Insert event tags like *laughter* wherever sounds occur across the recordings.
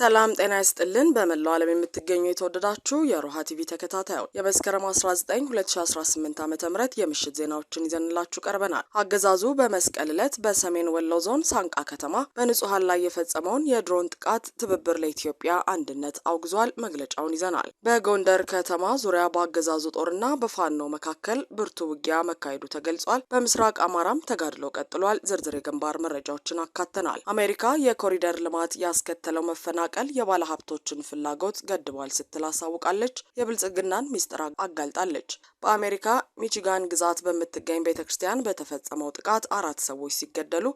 ሰላም ጤና ይስጥልን። በመላው ዓለም የምትገኙ የተወደዳችሁ የሮሃ ቲቪ ተከታታዮች የመስከረም 19 2018 ዓ ም የምሽት ዜናዎችን ይዘንላችሁ ቀርበናል። አገዛዙ በመስቀል ዕለት በሰሜን ወሎ ዞን ሳንቃ ከተማ በንጹሐን ላይ የፈጸመውን የድሮን ጥቃት ትብብር ለኢትዮጵያ አንድነት አውግዟል። መግለጫውን ይዘናል። በጎንደር ከተማ ዙሪያ በአገዛዙ ጦርና በፋኖ መካከል ብርቱ ውጊያ መካሄዱ ተገልጿል። በምስራቅ አማራም ተጋድሎ ቀጥሏል። ዝርዝር የግንባር መረጃዎችን አካተናል። አሜሪካ የኮሪደር ልማት ያስከተለው መፈናቀል የባለ የባለሀብቶችን ፍላጎት ገድቧል ስትል አሳውቃለች። የብልጽግናን ሚስጥር አጋልጣለች። በአሜሪካ ሚቺጋን ግዛት በምትገኝ ቤተ ክርስቲያን በተፈጸመው ጥቃት አራት ሰዎች ሲገደሉ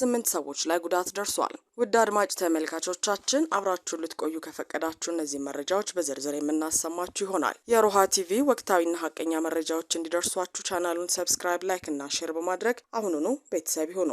ስምንት ሰዎች ላይ ጉዳት ደርሷል። ውድ አድማጭ ተመልካቾቻችን አብራችሁን ልትቆዩ ከፈቀዳችሁ እነዚህ መረጃዎች በዝርዝር የምናሰማችሁ ይሆናል። የሮሃ ቲቪ ወቅታዊና ሀቀኛ መረጃዎች እንዲደርሷችሁ ቻናሉን ሰብስክራይብ፣ ላይክ እና ሼር በማድረግ አሁኑኑ ቤተሰብ ይሁኑ።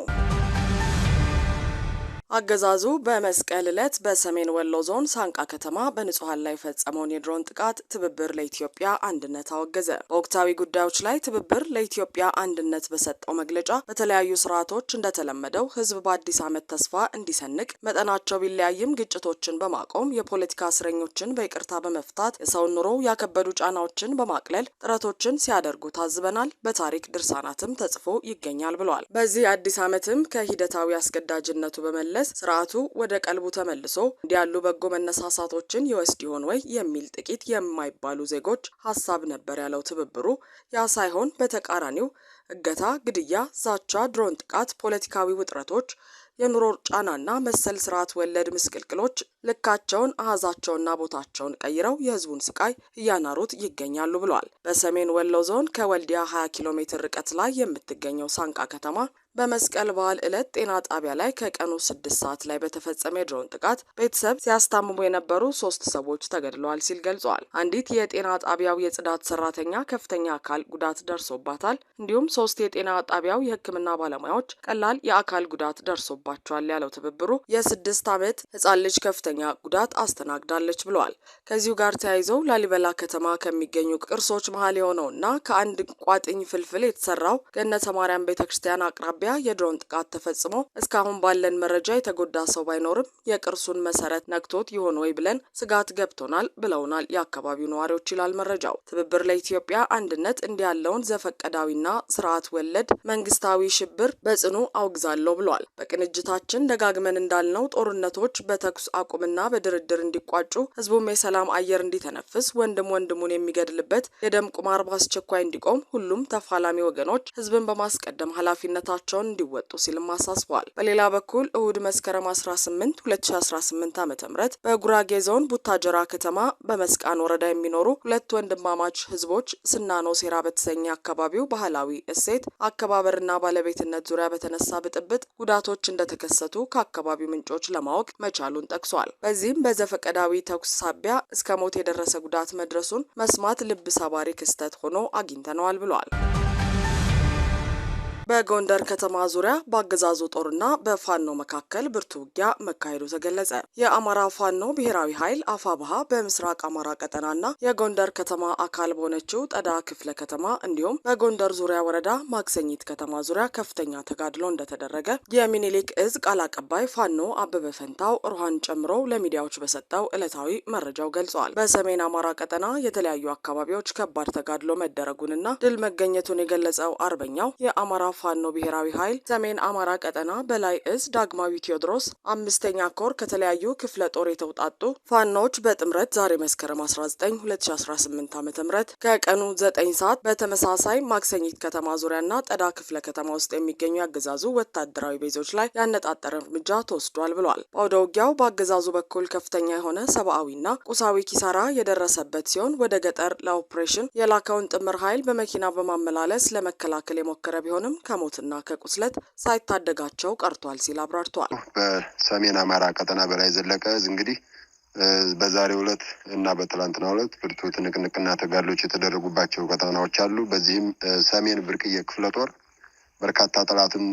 አገዛዙ በመስቀል ዕለት በሰሜን ወሎ ዞን ሳንቃ ከተማ በንጹሐን ላይ የፈጸመውን የድሮን ጥቃት ትብብር ለኢትዮጵያ አንድነት አወገዘ። በወቅታዊ ጉዳዮች ላይ ትብብር ለኢትዮጵያ አንድነት በሰጠው መግለጫ በተለያዩ ስርዓቶች እንደተለመደው ሕዝብ በአዲስ ዓመት ተስፋ እንዲሰንቅ መጠናቸው ቢለያይም ግጭቶችን በማቆም የፖለቲካ እስረኞችን በይቅርታ በመፍታት የሰውን ኑሮ ያከበዱ ጫናዎችን በማቅለል ጥረቶችን ሲያደርጉ ታዝበናል፣ በታሪክ ድርሳናትም ተጽፎ ይገኛል ብሏል። በዚህ አዲስ ዓመትም ከሂደታዊ አስገዳጅነቱ በመለስ ድረስ ስርዓቱ ወደ ቀልቡ ተመልሶ እንዲያሉ በጎ መነሳሳቶችን ይወስድ ይሆን ወይ የሚል ጥቂት የማይባሉ ዜጎች ሀሳብ ነበር ያለው ትብብሩ። ያ ሳይሆን በተቃራኒው እገታ፣ ግድያ፣ ዛቻ፣ ድሮን ጥቃት፣ ፖለቲካዊ ውጥረቶች የኑሮ ጫናና መሰል ስርዓት ወለድ ምስቅልቅሎች ልካቸውን አሃዛቸውና ቦታቸውን ቀይረው የህዝቡን ስቃይ እያናሩት ይገኛሉ ብሏል። በሰሜን ወሎ ዞን ከወልዲያ 20 ኪሎ ሜትር ርቀት ላይ የምትገኘው ሳንቃ ከተማ በመስቀል በዓል ዕለት ጤና ጣቢያ ላይ ከቀኑ ስድስት ሰዓት ላይ በተፈጸመ የድሮን ጥቃት ቤተሰብ ሲያስታምሙ የነበሩ ሶስት ሰዎች ተገድለዋል ሲል ገልጿል። አንዲት የጤና ጣቢያው የጽዳት ሰራተኛ ከፍተኛ አካል ጉዳት ደርሶባታል። እንዲሁም ሶስት የጤና ጣቢያው የሕክምና ባለሙያዎች ቀላል የአካል ጉዳት ደርሶባቸዋል ያለው ትብብሩ የስድስት ዓመት ሕፃን ልጅ ከፍተኛ ጉዳት አስተናግዳለች ብለዋል። ከዚሁ ጋር ተያይዘው ላሊበላ ከተማ ከሚገኙ ቅርሶች መሀል የሆነውና ከአንድ ቋጥኝ ፍልፍል የተሰራው ገነተ ማርያም ቤተክርስቲያን አቅራቢ ሳቢያ የድሮን ጥቃት ተፈጽሞ እስካሁን ባለን መረጃ የተጎዳ ሰው ባይኖርም የቅርሱን መሰረት ነክቶት ይሆን ወይ ብለን ስጋት ገብቶናል ብለውናል የአካባቢው ነዋሪዎች ይላል መረጃው። ትብብር ለኢትዮጵያ አንድነት እንዲህ ያለውን ዘፈቀዳዊና ስርዓት ወለድ መንግስታዊ ሽብር በጽኑ አውግዛለሁ ብሏል። በቅንጅታችን ደጋግመን እንዳልነው ጦርነቶች በተኩስ አቁምና በድርድር እንዲቋጩ፣ ህዝቡም የሰላም አየር እንዲተነፍስ፣ ወንድም ወንድሙን የሚገድልበት የደም ቁማር በአስቸኳይ እንዲቆም ሁሉም ተፋላሚ ወገኖች ህዝብን በማስቀደም ኃላፊነታቸው ኃላፊነታቸውን እንዲወጡ ሲልም አሳስቧል። በሌላ በኩል እሁድ መስከረም 18 2018 ዓ ም በጉራጌ ዞን ቡታጀራ ከተማ በመስቃን ወረዳ የሚኖሩ ሁለት ወንድማማች ህዝቦች ስናኖ ሴራ በተሰኘ አካባቢው ባህላዊ እሴት አከባበርና ባለቤትነት ዙሪያ በተነሳ ብጥብጥ ጉዳቶች እንደተከሰቱ ከአካባቢው ምንጮች ለማወቅ መቻሉን ጠቅሷል። በዚህም በዘፈቀዳዊ ተኩስ ሳቢያ እስከ ሞት የደረሰ ጉዳት መድረሱን መስማት ልብ ሰባሪ ክስተት ሆኖ አግኝተነዋል ብሏል። በጎንደር ከተማ ዙሪያ በአገዛዙ ጦርና በፋኖ መካከል ብርቱ ውጊያ መካሄዱ ተገለጸ። የአማራ ፋኖ ብሔራዊ ኃይል አፋብሃ በምስራቅ አማራ ቀጠናና የጎንደር ከተማ አካል በሆነችው ጠዳ ክፍለ ከተማ እንዲሁም በጎንደር ዙሪያ ወረዳ ማክሰኝት ከተማ ዙሪያ ከፍተኛ ተጋድሎ እንደተደረገ የሚኒሊክ እዝ ቃል አቀባይ ፋኖ አበበ ፈንታው ሩሃን ጨምሮ ለሚዲያዎች በሰጠው ዕለታዊ መረጃው ገልጸዋል። በሰሜን አማራ ቀጠና የተለያዩ አካባቢዎች ከባድ ተጋድሎ መደረጉንና ድል መገኘቱን የገለጸው አርበኛው የአማራ ፋኖ ብሔራዊ ኃይል ሰሜን አማራ ቀጠና በላይ እዝ ዳግማዊ ቴዎድሮስ አምስተኛ ኮር ከተለያዩ ክፍለ ጦር የተውጣጡ ፋኖዎች በጥምረት ዛሬ መስከረም 19 2018 ዓ ም ከቀኑ 9 ሰዓት በተመሳሳይ ማክሰኝት ከተማ ዙሪያና ጠዳ ክፍለ ከተማ ውስጥ የሚገኙ ያገዛዙ ወታደራዊ ቤዞች ላይ ያነጣጠረ እርምጃ ተወስዷል ብሏል። በአውደ ውጊያው በአገዛዙ በኩል ከፍተኛ የሆነ ሰብአዊና ቁሳዊ ኪሳራ የደረሰበት ሲሆን ወደ ገጠር ለኦፕሬሽን የላከውን ጥምር ኃይል በመኪና በማመላለስ ለመከላከል የሞከረ ቢሆንም ከሞትና ከቁስለት ሳይታደጋቸው ቀርቷል ሲል አብራርተዋል። በሰሜን አማራ ቀጠና በላይ ዘለቀ እዝ እንግዲህ በዛሬው ዕለት እና በትላንትናው ዕለት ብርቱ ትንቅንቅና ተጋድሎች የተደረጉባቸው ቀጠናዎች አሉ። በዚህም ሰሜን ብርቅዬ ክፍለ ጦር በርካታ ጠላትን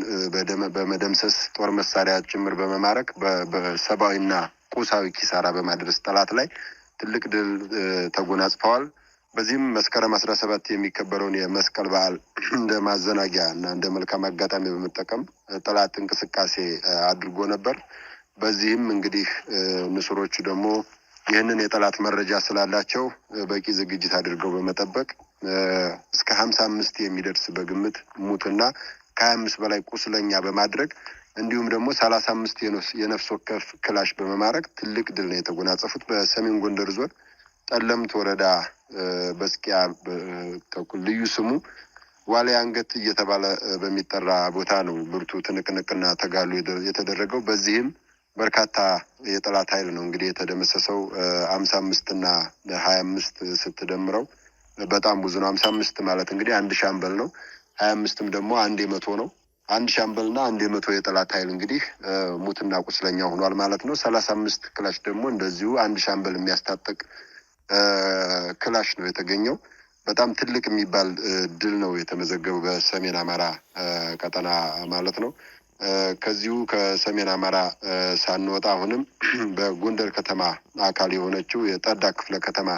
በመደምሰስ ጦር መሳሪያ ጭምር በመማረክ በሰብአዊና ቁሳዊ ኪሳራ በማድረስ ጠላት ላይ ትልቅ ድል ተጎናጽፈዋል። በዚህም መስከረም አስራ ሰባት የሚከበረውን የመስቀል በዓል *clears throat* እንደ ማዘናጊያ እና እንደ መልካም አጋጣሚ በመጠቀም ጠላት እንቅስቃሴ አድርጎ ነበር። በዚህም እንግዲህ ንስሮቹ ደግሞ ይህንን የጠላት መረጃ ስላላቸው በቂ ዝግጅት አድርገው በመጠበቅ እስከ ሀምሳ አምስት የሚደርስ በግምት ሙትና ከሀያ አምስት በላይ ቁስለኛ በማድረግ እንዲሁም ደግሞ ሰላሳ አምስት የነፍስ ወከፍ ክላሽ በመማረክ ትልቅ ድል ነው የተጎናጸፉት በሰሜን ጎንደር ዞን ጠለምት ወረዳ በስቂያ ተኩል ልዩ ስሙ ዋልያ አንገት እየተባለ በሚጠራ ቦታ ነው ብርቱ ትንቅንቅና ተጋሉ የተደረገው። በዚህም በርካታ የጠላት ኃይል ነው እንግዲህ የተደመሰሰው። አምሳ አምስት እና ሀያ አምስት ስትደምረው በጣም ብዙ ነው። አምሳ አምስት ማለት እንግዲህ አንድ ሻምበል ነው። ሀያ አምስትም ደግሞ አንድ የመቶ ነው። አንድ ሻምበልና አንድ የመቶ የጠላት ኃይል እንግዲህ ሙትና ቁስለኛ ሆኗል ማለት ነው። ሰላሳ አምስት ክላሽ ደግሞ እንደዚሁ አንድ ሻምበል የሚያስታጥቅ ክላሽ ነው የተገኘው። በጣም ትልቅ የሚባል ድል ነው የተመዘገበው በሰሜን አማራ ቀጠና ማለት ነው። ከዚሁ ከሰሜን አማራ ሳንወጣ አሁንም *clears throat* በጎንደር ከተማ አካል የሆነችው የጠዳ ክፍለ ከተማ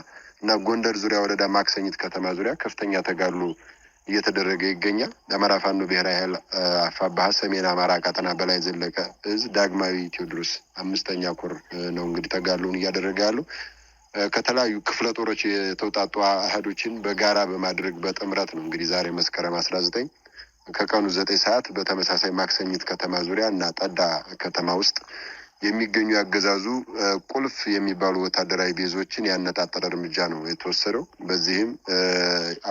እና ጎንደር ዙሪያ ወረዳ ማክሰኝት ከተማ ዙሪያ ከፍተኛ ተጋድሎ እየተደረገ ይገኛል። አማራ ፋኖ ብሔራዊ ኃይል አፋባሀ ሰሜን አማራ ቀጠና በላይ ዘለቀ እዝ ዳግማዊ ቴዎድሮስ አምስተኛ ኮር ነው እንግዲህ ተጋድሎውን እያደረገ ያለው። ከተለያዩ ክፍለ ጦሮች የተውጣጡ አህዶችን በጋራ በማድረግ በጥምረት ነው እንግዲህ ዛሬ መስከረም አስራ ዘጠኝ ከቀኑ ዘጠኝ ሰዓት በተመሳሳይ ማክሰኝት ከተማ ዙሪያ እና ጠዳ ከተማ ውስጥ የሚገኙ ያገዛዙ ቁልፍ የሚባሉ ወታደራዊ ቤዞችን ያነጣጠረ እርምጃ ነው የተወሰደው። በዚህም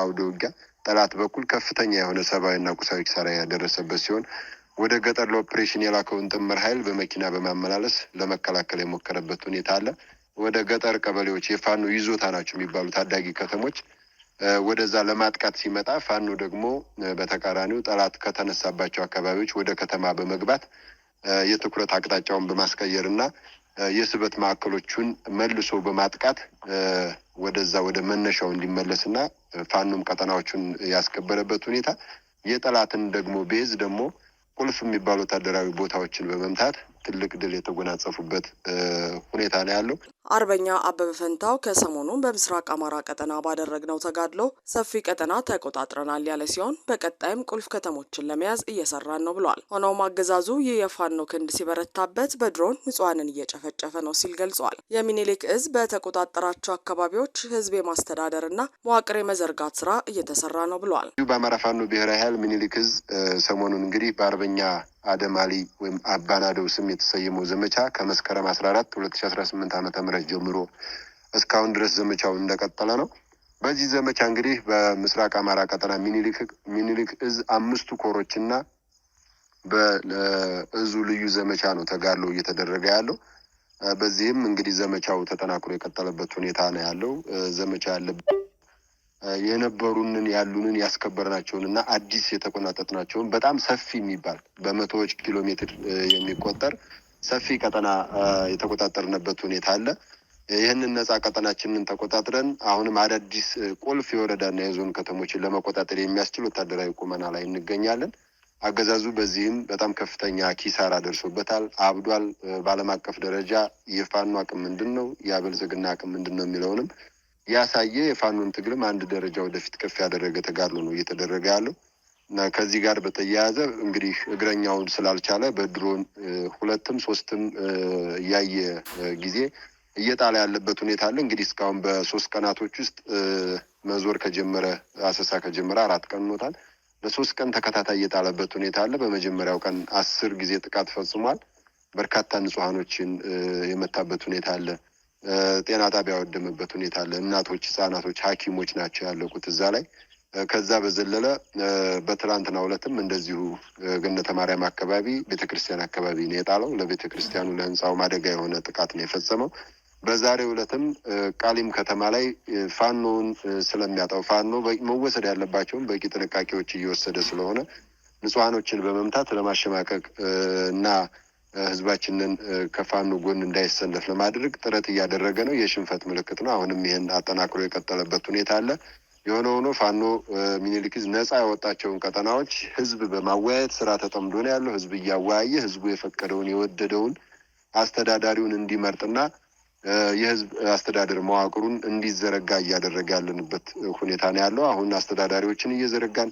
አውደ ውጊያ ጠላት በኩል ከፍተኛ የሆነ ሰብአዊና ቁሳዊ ኪሳራ ያደረሰበት ሲሆን ወደ ገጠር ለኦፕሬሽን የላከውን ጥምር ኃይል በመኪና በማመላለስ ለመከላከል የሞከረበት ሁኔታ አለ። ወደ ገጠር ቀበሌዎች የፋኖ ይዞታ ናቸው የሚባሉ ታዳጊ ከተሞች ወደዛ ለማጥቃት ሲመጣ ፋኖ ደግሞ በተቃራኒው ጠላት ከተነሳባቸው አካባቢዎች ወደ ከተማ በመግባት የትኩረት አቅጣጫውን በማስቀየር እና የስበት ማዕከሎቹን መልሶ በማጥቃት ወደዛ ወደ መነሻው እንዲመለስ እና ፋኖም ቀጠናዎቹን ያስከበረበት ሁኔታ የጠላትን ደግሞ ቤዝ ደግሞ ቁልፍ የሚባሉ ወታደራዊ ቦታዎችን በመምታት ትልቅ ድል የተጎናጸፉበት ሁኔታ ነው ያለው። አርበኛ አበበ ፈንታው ከሰሞኑን በምስራቅ አማራ ቀጠና ባደረግነው ተጋድሎ ሰፊ ቀጠና ተቆጣጥረናል ያለ ሲሆን በቀጣይም ቁልፍ ከተሞችን ለመያዝ እየሰራን ነው ብሏል። ሆኖም አገዛዙ ይህ የፋኖ ክንድ ሲበረታበት በድሮን ንጹሐንን እየጨፈጨፈ ነው ሲል ገልጿል። የሚኒሊክ እዝ በተቆጣጠራቸው አካባቢዎች ህዝብ የማስተዳደርና መዋቅር የመዘርጋት ስራ እየተሰራ ነው ብሏል። በአማራ ፋኖ ብሔራዊ ኃይል ሚኒሊክ እዝ ሰሞኑን እንግዲህ በአርበኛ አደማሊ ወይም አባናደው ስም የተሰየመው ዘመቻ ከመስከረም አስራ አራት ሁለት ሺ አስራ ስምንት ዓመተ ምህረት ጀምሮ እስካሁን ድረስ ዘመቻውን እንደቀጠለ ነው። በዚህ ዘመቻ እንግዲህ በምስራቅ አማራ ቀጠና ሚኒሊክ እዝ አምስቱ ኮሮችና በእዙ ልዩ ዘመቻ ነው ተጋድሎ እየተደረገ ያለው። በዚህም እንግዲህ ዘመቻው ተጠናክሮ የቀጠለበት ሁኔታ ነው ያለው ዘመቻ ያለበት የነበሩንን ያሉንን ያስከበርናቸውን እና አዲስ የተቆናጠጥናቸውን በጣም ሰፊ የሚባል በመቶዎች ኪሎ ሜትር የሚቆጠር ሰፊ ቀጠና የተቆጣጠርንበት ሁኔታ አለ። ይህንን ነጻ ቀጠናችንን ተቆጣጥረን አሁንም አዳዲስ ቁልፍ የወረዳና የዞን ከተሞችን ለመቆጣጠር የሚያስችል ወታደራዊ ቁመና ላይ እንገኛለን። አገዛዙ በዚህም በጣም ከፍተኛ ኪሳራ ደርሶበታል፣ አብዷል። በዓለም አቀፍ ደረጃ የፋኖ አቅም ምንድን ነው፣ የአበልጽግና አቅም ምንድን ነው የሚለውንም ያሳየ የፋኖን ትግልም አንድ ደረጃ ወደፊት ከፍ ያደረገ ተጋድሎ ነው እየተደረገ ያለው እና ከዚህ ጋር በተያያዘ እንግዲህ እግረኛውን ስላልቻለ በድሮን ሁለትም ሶስትም እያየ ጊዜ እየጣለ ያለበት ሁኔታ አለ። እንግዲህ እስካሁን በሶስት ቀናቶች ውስጥ መዞር ከጀመረ አሰሳ ከጀመረ አራት ቀን ኖታል። በሶስት ቀን ተከታታይ እየጣለበት ሁኔታ አለ። በመጀመሪያው ቀን አስር ጊዜ ጥቃት ፈጽሟል። በርካታ ንጹሐኖችን የመታበት ሁኔታ አለ። ጤና ጣቢያ ያወደመበት ሁኔታ አለ። እናቶች፣ ህጻናቶች፣ ሐኪሞች ናቸው ያለቁት እዛ ላይ። ከዛ በዘለለ በትላንትና ዕለትም እንደዚሁ ገነተ ማርያም አካባቢ ቤተክርስቲያን አካባቢ ነው የጣለው። ለቤተክርስቲያኑ ለህንፃው አደጋ የሆነ ጥቃት ነው የፈጸመው። በዛሬ ዕለትም ቃሊም ከተማ ላይ ፋኖውን ስለሚያጣው ፋኖ መወሰድ ያለባቸውን በቂ ጥንቃቄዎች እየወሰደ ስለሆነ ንጹሐኖችን በመምታት ለማሸማቀቅ እና ህዝባችንን ከፋኖ ጎን እንዳይሰለፍ ለማድረግ ጥረት እያደረገ ነው። የሽንፈት ምልክት ነው። አሁንም ይህን አጠናክሮ የቀጠለበት ሁኔታ አለ። የሆነ ሆኖ ፋኖ ሚኒሊክዝ ነጻ ያወጣቸውን ቀጠናዎች ህዝብ በማወያየት ስራ ተጠምዶ ነው ያለው። ህዝብ እያወያየ ህዝቡ የፈቀደውን የወደደውን አስተዳዳሪውን እንዲመርጥና የህዝብ አስተዳደር መዋቅሩን እንዲዘረጋ እያደረገ ያለንበት ሁኔታ ነው ያለው። አሁን አስተዳዳሪዎችን እየዘረጋን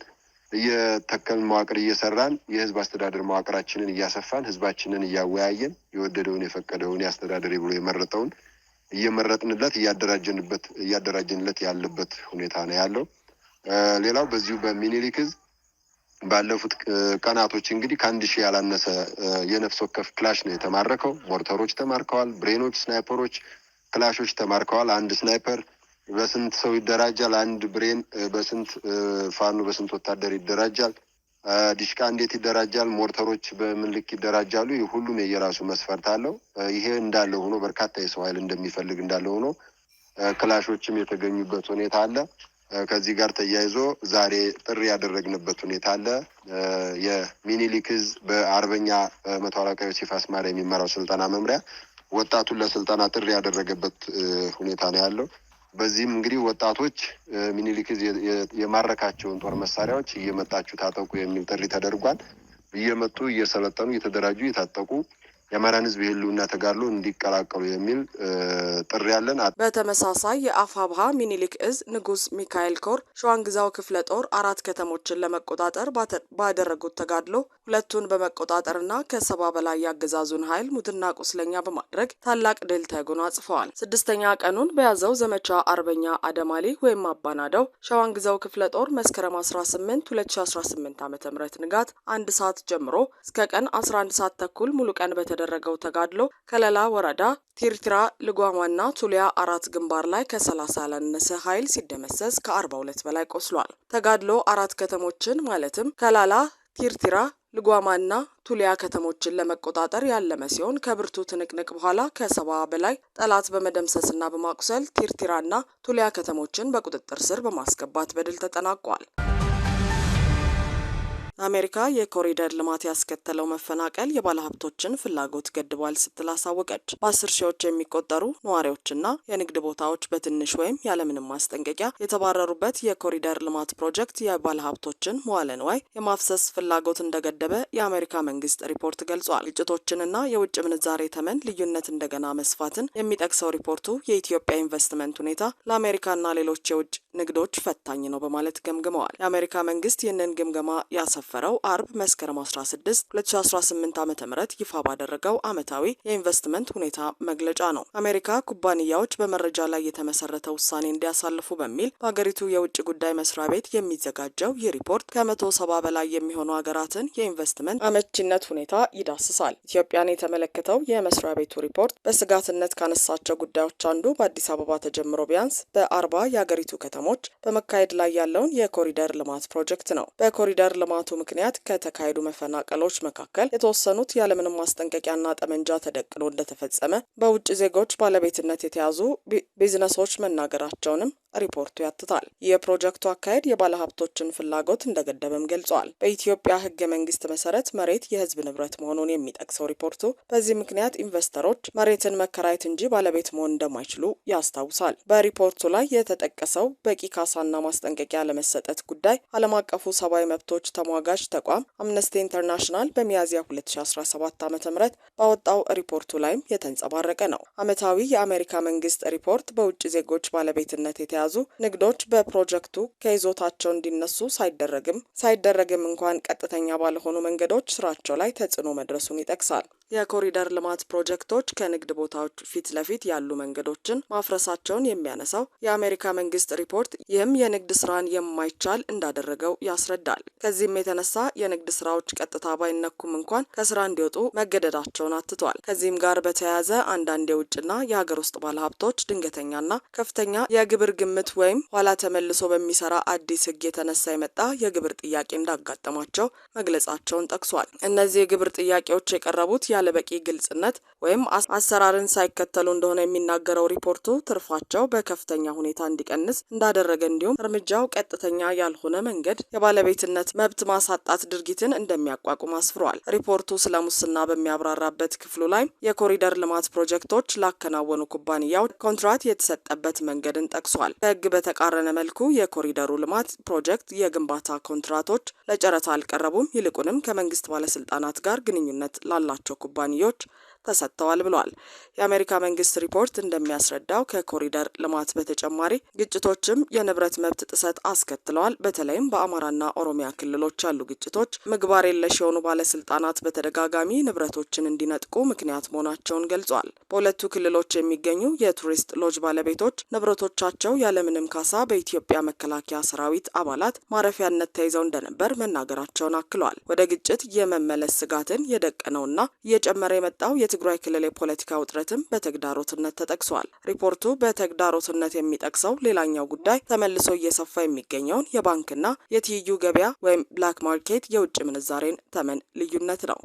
እየተከልን መዋቅር እየሰራን የህዝብ አስተዳደር መዋቅራችንን እያሰፋን ህዝባችንን እያወያየን የወደደውን የፈቀደውን የአስተዳደር ብሎ የመረጠውን እየመረጥንለት እያደራጀንበት እያደራጀንለት ያለበት ሁኔታ ነው ያለው። ሌላው በዚሁ በሚኒሊክ እዝ ባለፉት ቀናቶች እንግዲህ ከአንድ ሺህ ያላነሰ የነፍስ ወከፍ ክላሽ ነው የተማረከው። ሞርተሮች ተማርከዋል፣ ብሬኖች፣ ስናይፐሮች፣ ክላሾች ተማርከዋል። አንድ ስናይፐር በስንት ሰው ይደራጃል አንድ ብሬን፣ በስንት ፋኖ በስንት ወታደር ይደራጃል፣ ዲሽቃ እንዴት ይደራጃል፣ ሞርተሮች በምን ልክ ይደራጃሉ፣ ሁሉም የየራሱ መስፈርት አለው። ይሄ እንዳለ ሆኖ በርካታ የሰው ኃይል እንደሚፈልግ እንዳለ ሆኖ ክላሾችም የተገኙበት ሁኔታ አለ። ከዚህ ጋር ተያይዞ ዛሬ ጥሪ ያደረግንበት ሁኔታ አለ። የሚኒሊክ እዝ በአርበኛ መቶ አለቃ ዮሴፍ አስማሪያ የሚመራው ስልጠና መምሪያ ወጣቱን ለስልጠና ጥሪ ያደረገበት ሁኔታ ነው ያለው። በዚህም እንግዲህ ወጣቶች ሚኒሊክ የማረካቸውን ጦር መሳሪያዎች እየመጣችሁ ታጠቁ የሚል ጥሪ ተደርጓል። እየመጡ እየሰለጠኑ እየተደራጁ እየታጠቁ የአማራን ህዝብ የህልውና ተጋድሎ እንዲቀላቀሉ የሚል ጥሪ ያለን። በተመሳሳይ የአፋብሃ ሚኒሊክ እዝ ንጉስ ሚካኤል ኮር ሸዋንግዛው ክፍለ ጦር አራት ከተሞችን ለመቆጣጠር ባደረጉት ተጋድሎ ሁለቱን በመቆጣጠርና ከሰባ በላይ ያገዛዙን ኃይል ሙትና ቁስለኛ በማድረግ ታላቅ ድል ተጎናጽፈዋል። ስድስተኛ ቀኑን በያዘው ዘመቻ አርበኛ አደማሊ ወይም አባናደው ሸዋንግዛው ክፍለ ጦር መስከረም 18 2018 ዓ ም ንጋት አንድ ሰዓት ጀምሮ እስከ ቀን 11 ሰዓት ተኩል ሙሉ ቀን በተ በተደረገው ተጋድሎ ከለላ ወረዳ ቲርቲራ፣ ልጓማና ቱሊያ አራት ግንባር ላይ ከሰላሳ ያላነሰ ኃይል ሲደመሰስ ከ42 በላይ ቆስሏል። ተጋድሎ አራት ከተሞችን ማለትም ከላላ፣ ቲርቲራ ልጓማና ቱሊያ ከተሞችን ለመቆጣጠር ያለመ ሲሆን ከብርቱ ትንቅንቅ በኋላ ከሰባ በላይ ጠላት በመደምሰስና በማቁሰል ቲርቲራና ቱሊያ ከተሞችን በቁጥጥር ስር በማስገባት በድል ተጠናቋል። አሜሪካ የኮሪደር ልማት ያስከተለው መፈናቀል የባለሀብቶችን ፍላጎት ገድቧል ስትል አሳወቀች። በአስር ሺዎች የሚቆጠሩ ነዋሪዎችና የንግድ ቦታዎች በትንሽ ወይም ያለምንም ማስጠንቀቂያ የተባረሩበት የኮሪደር ልማት ፕሮጀክት የባለሀብቶችን መዋለ ንዋይ የማፍሰስ ፍላጎት እንደገደበ የአሜሪካ መንግስት ሪፖርት ገልጿል። ግጭቶችንና የውጭ ምንዛሬ ተመን ልዩነት እንደገና መስፋትን የሚጠቅሰው ሪፖርቱ የኢትዮጵያ ኢንቨስትመንት ሁኔታ ለአሜሪካና ሌሎች የውጭ ንግዶች ፈታኝ ነው በማለት ገምግመዋል። የአሜሪካ መንግስት ይህንን ግምገማ ያሰፋል። ያሰፈረው አርብ መስከረም 16 2018 ዓ ም ይፋ ባደረገው አመታዊ የኢንቨስትመንት ሁኔታ መግለጫ ነው። አሜሪካ ኩባንያዎች በመረጃ ላይ የተመሰረተ ውሳኔ እንዲያሳልፉ በሚል በሀገሪቱ የውጭ ጉዳይ መስሪያ ቤት የሚዘጋጀው ይህ ሪፖርት ከመቶ ሰባ በላይ የሚሆኑ ሀገራትን የኢንቨስትመንት አመቺነት ሁኔታ ይዳስሳል። ኢትዮጵያን የተመለከተው የመስሪያ ቤቱ ሪፖርት በስጋትነት ካነሳቸው ጉዳዮች አንዱ በአዲስ አበባ ተጀምሮ ቢያንስ በአርባ የሀገሪቱ ከተሞች በመካሄድ ላይ ያለውን የኮሪደር ልማት ፕሮጀክት ነው። በኮሪደር ልማቱ ምክንያት ከተካሄዱ መፈናቀሎች መካከል የተወሰኑት ያለምንም ማስጠንቀቂያና ጠመንጃ ተደቅኖ እንደተፈጸመ በውጭ ዜጎች ባለቤትነት የተያዙ ቢዝነሶች መናገራቸውንም ሪፖርቱ ያትታል። የፕሮጀክቱ አካሄድ የባለሀብቶችን ፍላጎት እንደገደበም ገልጿል። በኢትዮጵያ ህገ መንግስት መሰረት መሬት የህዝብ ንብረት መሆኑን የሚጠቅሰው ሪፖርቱ በዚህ ምክንያት ኢንቨስተሮች መሬትን መከራየት እንጂ ባለቤት መሆን እንደማይችሉ ያስታውሳል። በሪፖርቱ ላይ የተጠቀሰው በቂ ካሳና ማስጠንቀቂያ ለመሰጠት ጉዳይ ዓለም አቀፉ ሰብአዊ መብቶች ተሟጋጅ ተቋም አምነስቲ ኢንተርናሽናል በሚያዝያ 2017 ዓ ም ባወጣው ሪፖርቱ ላይም የተንጸባረቀ ነው። አመታዊ የአሜሪካ መንግስት ሪፖርት በውጭ ዜጎች ባለቤትነት የተ የተያዙ ንግዶች በፕሮጀክቱ ከይዞታቸው እንዲነሱ ሳይደረግም ሳይደረግም እንኳን ቀጥተኛ ባልሆኑ መንገዶች ስራቸው ላይ ተጽዕኖ መድረሱን ይጠቅሳል። የኮሪደር ልማት ፕሮጀክቶች ከንግድ ቦታዎች ፊት ለፊት ያሉ መንገዶችን ማፍረሳቸውን የሚያነሳው የአሜሪካ መንግስት ሪፖርት ይህም የንግድ ስራን የማይቻል እንዳደረገው ያስረዳል። ከዚህም የተነሳ የንግድ ስራዎች ቀጥታ ባይነኩም እንኳን ከስራ እንዲወጡ መገደዳቸውን አትቷል። ከዚህም ጋር በተያያዘ አንዳንድ የውጭና የሀገር ውስጥ ባለሀብቶች ድንገተኛና ከፍተኛ የግብር ግ ግምት ወይም ኋላ ተመልሶ በሚሰራ አዲስ ህግ የተነሳ የመጣ የግብር ጥያቄ እንዳጋጠማቸው መግለጻቸውን ጠቅሷል። እነዚህ የግብር ጥያቄዎች የቀረቡት ያለበቂ ግልጽነት ወይም አሰራርን ሳይከተሉ እንደሆነ የሚናገረው ሪፖርቱ ትርፋቸው በከፍተኛ ሁኔታ እንዲቀንስ እንዳደረገ እንዲሁም እርምጃው ቀጥተኛ ያልሆነ መንገድ የባለቤትነት መብት ማሳጣት ድርጊትን እንደሚያቋቁም አስፍሯል። ሪፖርቱ ስለ ሙስና በሚያብራራበት ክፍሉ ላይ የኮሪደር ልማት ፕሮጀክቶች ላከናወኑ ኩባንያው ኮንትራት የተሰጠበት መንገድን ጠቅሷል። በህግ በተቃረነ መልኩ የኮሪደሩ ልማት ፕሮጀክት የግንባታ ኮንትራቶች ለጨረታ አልቀረቡም። ይልቁንም ከመንግስት ባለስልጣናት ጋር ግንኙነት ላላቸው ኩባንያዎች ተሰጥተዋል ብለዋል። የአሜሪካ መንግስት ሪፖርት እንደሚያስረዳው ከኮሪደር ልማት በተጨማሪ ግጭቶችም የንብረት መብት ጥሰት አስከትለዋል። በተለይም በአማራና ኦሮሚያ ክልሎች ያሉ ግጭቶች ምግባር የለሽ የሆኑ ባለስልጣናት በተደጋጋሚ ንብረቶችን እንዲነጥቁ ምክንያት መሆናቸውን ገልጿል። በሁለቱ ክልሎች የሚገኙ የቱሪስት ሎጅ ባለቤቶች ንብረቶቻቸው ያለምንም ካሳ በኢትዮጵያ መከላከያ ሰራዊት አባላት ማረፊያነት ተይዘው እንደነበር መናገራቸውን አክሏል። ወደ ግጭት የመመለስ ስጋትን የደቀነውና እየጨመረ የመጣው የት የትግራይ ክልል የፖለቲካ ውጥረትም በተግዳሮትነት ተጠቅሷል። ሪፖርቱ በተግዳሮትነት የሚጠቅሰው ሌላኛው ጉዳይ ተመልሶ እየሰፋ የሚገኘውን የባንክና የትይዩ ገበያ ወይም ብላክ ማርኬት የውጭ ምንዛሬን ተመን ልዩነት ነው።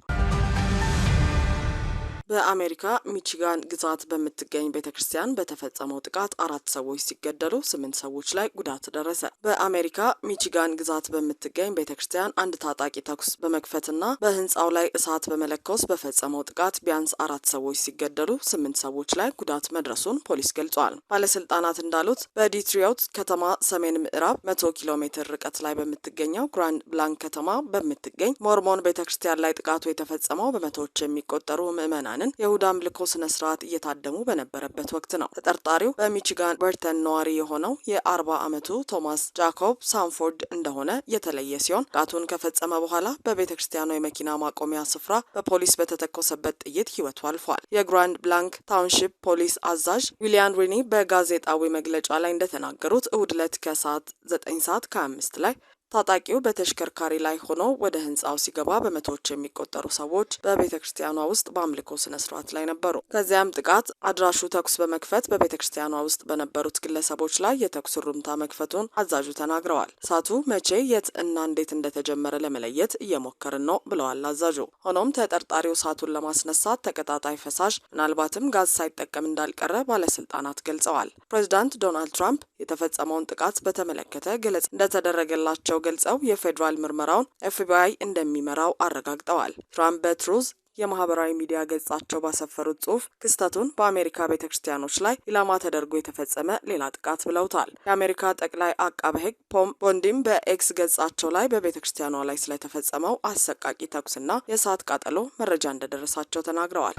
በአሜሪካ ሚቺጋን ግዛት በምትገኝ ቤተ ክርስቲያን በተፈጸመው ጥቃት አራት ሰዎች ሲገደሉ ስምንት ሰዎች ላይ ጉዳት ደረሰ። በአሜሪካ ሚቺጋን ግዛት በምትገኝ ቤተ ክርስቲያን አንድ ታጣቂ ተኩስ በመክፈትና በህንፃው ላይ እሳት በመለኮስ በፈጸመው ጥቃት ቢያንስ አራት ሰዎች ሲገደሉ ስምንት ሰዎች ላይ ጉዳት መድረሱን ፖሊስ ገልጿል። ባለስልጣናት እንዳሉት በዲትሪዮት ከተማ ሰሜን ምዕራብ መቶ ኪሎ ሜትር ርቀት ላይ በምትገኘው ግራንድ ብላንክ ከተማ በምትገኝ ሞርሞን ቤተ ክርስቲያን ላይ ጥቃቱ የተፈጸመው በመቶዎች የሚቆጠሩ ምዕመናን ሚችጋንን የእሁድ አምልኮ ስነ ስርዓት እየታደሙ በነበረበት ወቅት ነው። ተጠርጣሪው በሚችጋን በርተን ነዋሪ የሆነው የአርባ ዓመቱ ቶማስ ጃኮብ ሳንፎርድ እንደሆነ የተለየ ሲሆን ጥቃቱን ከፈጸመ በኋላ በቤተ ክርስቲያኗ የመኪና ማቆሚያ ስፍራ በፖሊስ በተተኮሰበት ጥይት ህይወቱ አልፏል። የግራንድ ብላንክ ታውንሺፕ ፖሊስ አዛዥ ዊሊያን ሪኒ በጋዜጣዊ መግለጫ ላይ እንደተናገሩት እሁድ ዕለት ከሰዓት 9 ሰዓት ከ ላይ ታጣቂው በተሽከርካሪ ላይ ሆኖ ወደ ህንፃው ሲገባ በመቶዎች የሚቆጠሩ ሰዎች በቤተ ክርስቲያኗ ውስጥ በአምልኮ ስነ ስርዓት ላይ ነበሩ። ከዚያም ጥቃት አድራሹ ተኩስ በመክፈት በቤተ ክርስቲያኗ ውስጥ በነበሩት ግለሰቦች ላይ የተኩስ ሩምታ መክፈቱን አዛዡ ተናግረዋል። እሳቱ መቼ፣ የት እና እንዴት እንደተጀመረ ለመለየት እየሞከርን ነው ብለዋል አዛዡ። ሆኖም ተጠርጣሪው እሳቱን ለማስነሳት ተቀጣጣይ ፈሳሽ ምናልባትም ጋዝ ሳይጠቀም እንዳልቀረ ባለስልጣናት ገልጸዋል። ፕሬዚዳንት ዶናልድ ትራምፕ የተፈጸመውን ጥቃት በተመለከተ ገለጻ እንደተደረገላቸው ገልጸው የፌዴራል ምርመራውን ኤፍቢአይ እንደሚመራው አረጋግጠዋል። ትራምፕ በትሩዝ የማህበራዊ ሚዲያ ገጻቸው ባሰፈሩት ጽሁፍ ክስተቱን በአሜሪካ ቤተ ክርስቲያኖች ላይ ኢላማ ተደርጎ የተፈጸመ ሌላ ጥቃት ብለውታል። የአሜሪካ ጠቅላይ አቃቤ ሕግ ፖም ቦንዲም በኤክስ ገጻቸው ላይ በቤተ ክርስቲያኗ ላይ ስለተፈጸመው አሰቃቂ ተኩስና የእሳት ቃጠሎ መረጃ እንደደረሳቸው ተናግረዋል።